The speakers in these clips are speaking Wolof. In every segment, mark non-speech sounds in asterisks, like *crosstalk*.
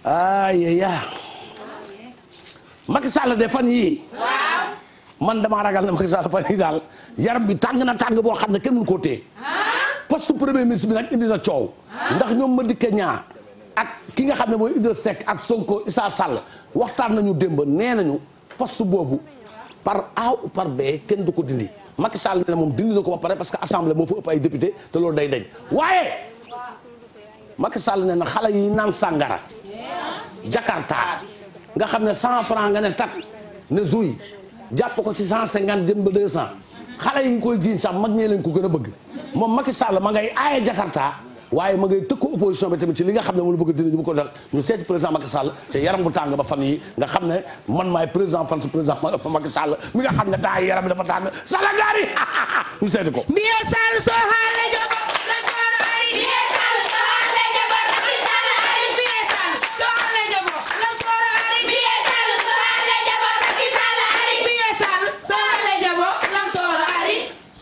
*laughs* ayaya Macky Sall de fan yii man damaa ragal na Macky Sall fan yii daal yaram bi tàng na tàng boo xam ne kenn mënu koo téye ah. poste premier ministre bi nag indi na coow ah. ndax ñoom ma dikke ñaar ak ki nga xam ne mooy Idrissa Seck ak Sonko Issa Sall waxtaan nañu démb nee nañu poste boobu par A par B kenn du ko dindi Macky Sall ne moom dindi na ko ba pare parce que assemblée moo fa ëpp ay député te loolu day dañ waaye Macky Sall nen na xale yi naan sàngara Jakarta nga xam ne cent franc nga ne tak ne zuy jàpp ko ci cent cinquante jëm ba deux cent xale yi nga koy jiiñ sax mag ñee leen ko gën a bëgg moom Macky Sall ma ngay aaye Jakarta waaye ma ngay tëkku opposition bi tamit ci li nga xam ne moom la bëgg dina ñu mu ko dal ñu te yaram bu tàng ba fan nga xam ne man maay président fan si président Macky Sall mi nga xam ne taa yaram bi dafa tàng Sall gaari *laughs* ñu seeti ko.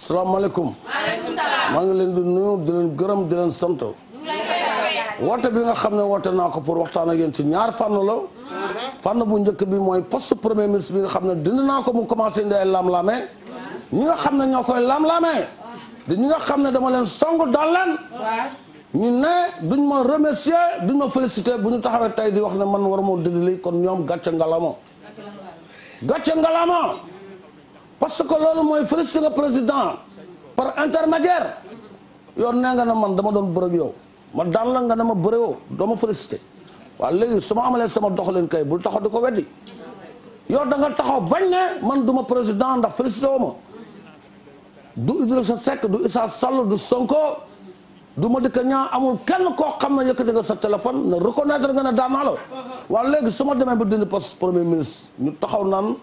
salaamaaleykum. maaleykum maa ngi leen di nuyu di leen gërëm di leen sant. woote bi nga xam ne woote naa ko pour waxtaan a yéen ci ñaar fànn la. fànn bu njëkk bi mooy poste premier ministre bi nga xam ne dindi naa ko mu commencé indi ay lam-laame. ñi nga xam ne ñoo koy lam-laame. di ñi nga xam ne dama leen song daal leen. ñu ne duñ ma remercier duñ ma féliciter bu ñu taxawee tey di wax ne man moo dindi lii kon ñoom gàcce ngalama. gàcce ngalama. parce que loolu mooy félicité le président par intermédiaire yow nee nga na man dama doon bëre yow ma daan la nga na ma bëre woo doo ma félicité waaw léegi su ma amalee sama doxalin kay bul taxaw di ko weddi yow da nga taxaw bañ ne man du ma président ndax félicité woo ma du Idrissa Seck du Issa Sall du Sonko du Madické Niang amul kenn koo xam ne yëkkati nga sa téléphone na reconnaître nga na daan naa la waaw léegi su ma demee ba dindi poste premier ministre ñu taxaw naan.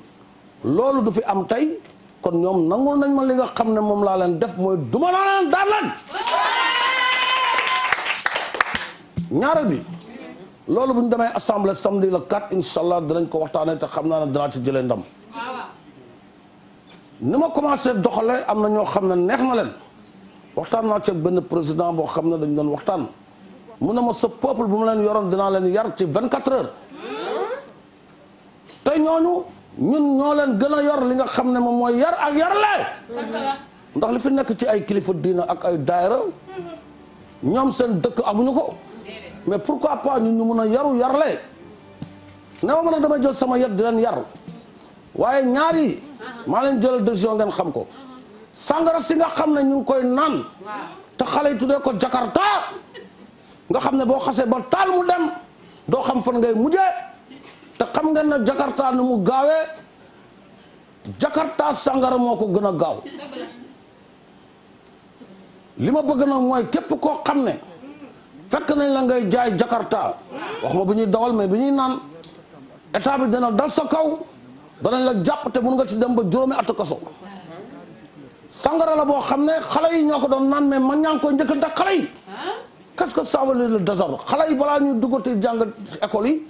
loolu du fi am tey kon ñoom nangul nañ ma li nga xam ne moom laa leen def mooy duma naa leen daan leen ñaareel bi loolu bu ñu demee assemblée samedi le 4 incha allah dinañ ko waxtaanee te xam naa ne danaa ci jëlee ndam ni ma commencé doxalee am na ñoo xam ne neex ma leen waxtaan naa ci benn président boo xam ne dañ doon waxtaan mu ne ma sa peuple bu mu leen yoroon dinaa leen yar ci 24 heures te ñooñu. ñun ñoo leen gën a yor li nga xam ne moom mooy yar ak yarle ndax li fi nekk ci ay kilifa diina ak ay daayira ñoom seen dëkk amuñu ko mais pourquoi pas ñun ñu mun a yaru yarle ne ma mën a dama jël sama yet di leen yar waaye ñaari yi maa leen jëlal décision ngeen xam ko sàngara si nga xam ne ñu koy naan te xale yi tuddee ko Jakarta nga xam ne boo xasee ba taal mu dem doo xam fan ngay mujjee te xam ngeen na Jakarta nu mu gaawee Jakarta sàngara moo ko gën a gaaw li ma bëgg nag mooy képp koo xam ne fekk nañ la ngay jaay Jakarta wax bu ñuy dawal mais bu ñuy naan état bi dana dal sa kaw nañ la jàpp te mun nga ci dem ba juróomi at kaso sàngara la boo xam ne xale yi ñoo ko doon naan mais man ñaa ngi koy njëkkal ndax xale yi ah? qu'est-ce que ça veut dire le xale yi balaa ñu duggati jàng école yi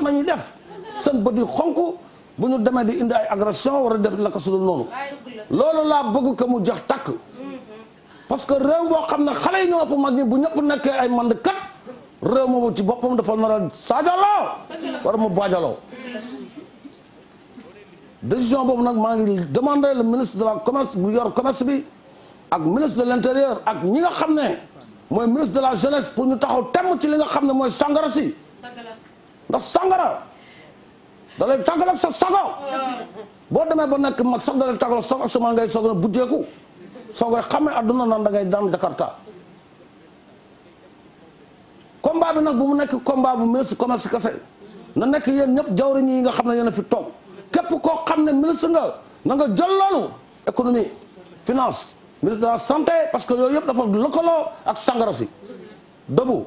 xaq nañu def seen bët yi xonk bu ñu demee di indi ay agression war a def naka su dul noonu loolu laa bëgg que mu jax takk parce que réew boo xam ne xale yi ñoo ëpp mag ñi bu ñëpp nekkee ay mandkat réew moomu ci boppam dafa nar a saajaloo war mu baajaloo décision boobu nag maa ngi demandé le ministre de la commerce bu yor commerce bi ak ministre de l' intérieur ak ñi nga xam ne mooy ministre de la jeunesse pour ñu taxaw temm ci li nga xam ne mooy sàngara si ndax sangara da lay tàggal ak sa sago boo demee ba nekk mag sax da lay tàggal soog ak sama ngay soog a buddeeku soo koy xamee adduna naan da ngay daan Jakarta combat bi nag bu mu nekk combat bu ministre commerce kese na nekk yéen ñëpp jawriñ yi nga xam ne yéen a fi toog képp koo xam ne ministre nga na nga jël loolu économie finance ministre de la santé parce que yooyu yëpp dafa lëkkaloo ak sangara si debout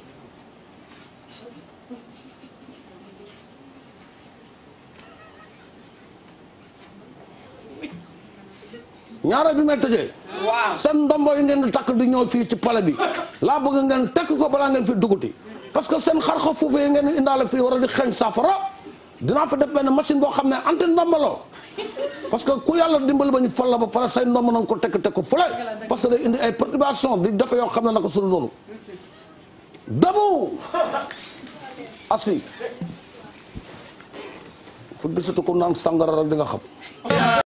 ñaareel bi may tëjee. waaw seen ndombo yi ngeen di takk di ñëw fii ci pale bi laa bëgg ngeen tekk ko balaa ngeen fi duguti parce que seen xar xa fuufu yi ngeen indaale fii war a di xeeñ saafara dinaa fa def benn machine boo xam ne anti ndombaloo parce que ku yàlla dimbali ba ñu fal la ba pare say ndomb nanga ko tekk tekk fële parce que day indi ay perturbation di defe yoo xam ne naka sunu noonu damu assi fu gisatu ko naan sàngara rek di nga xam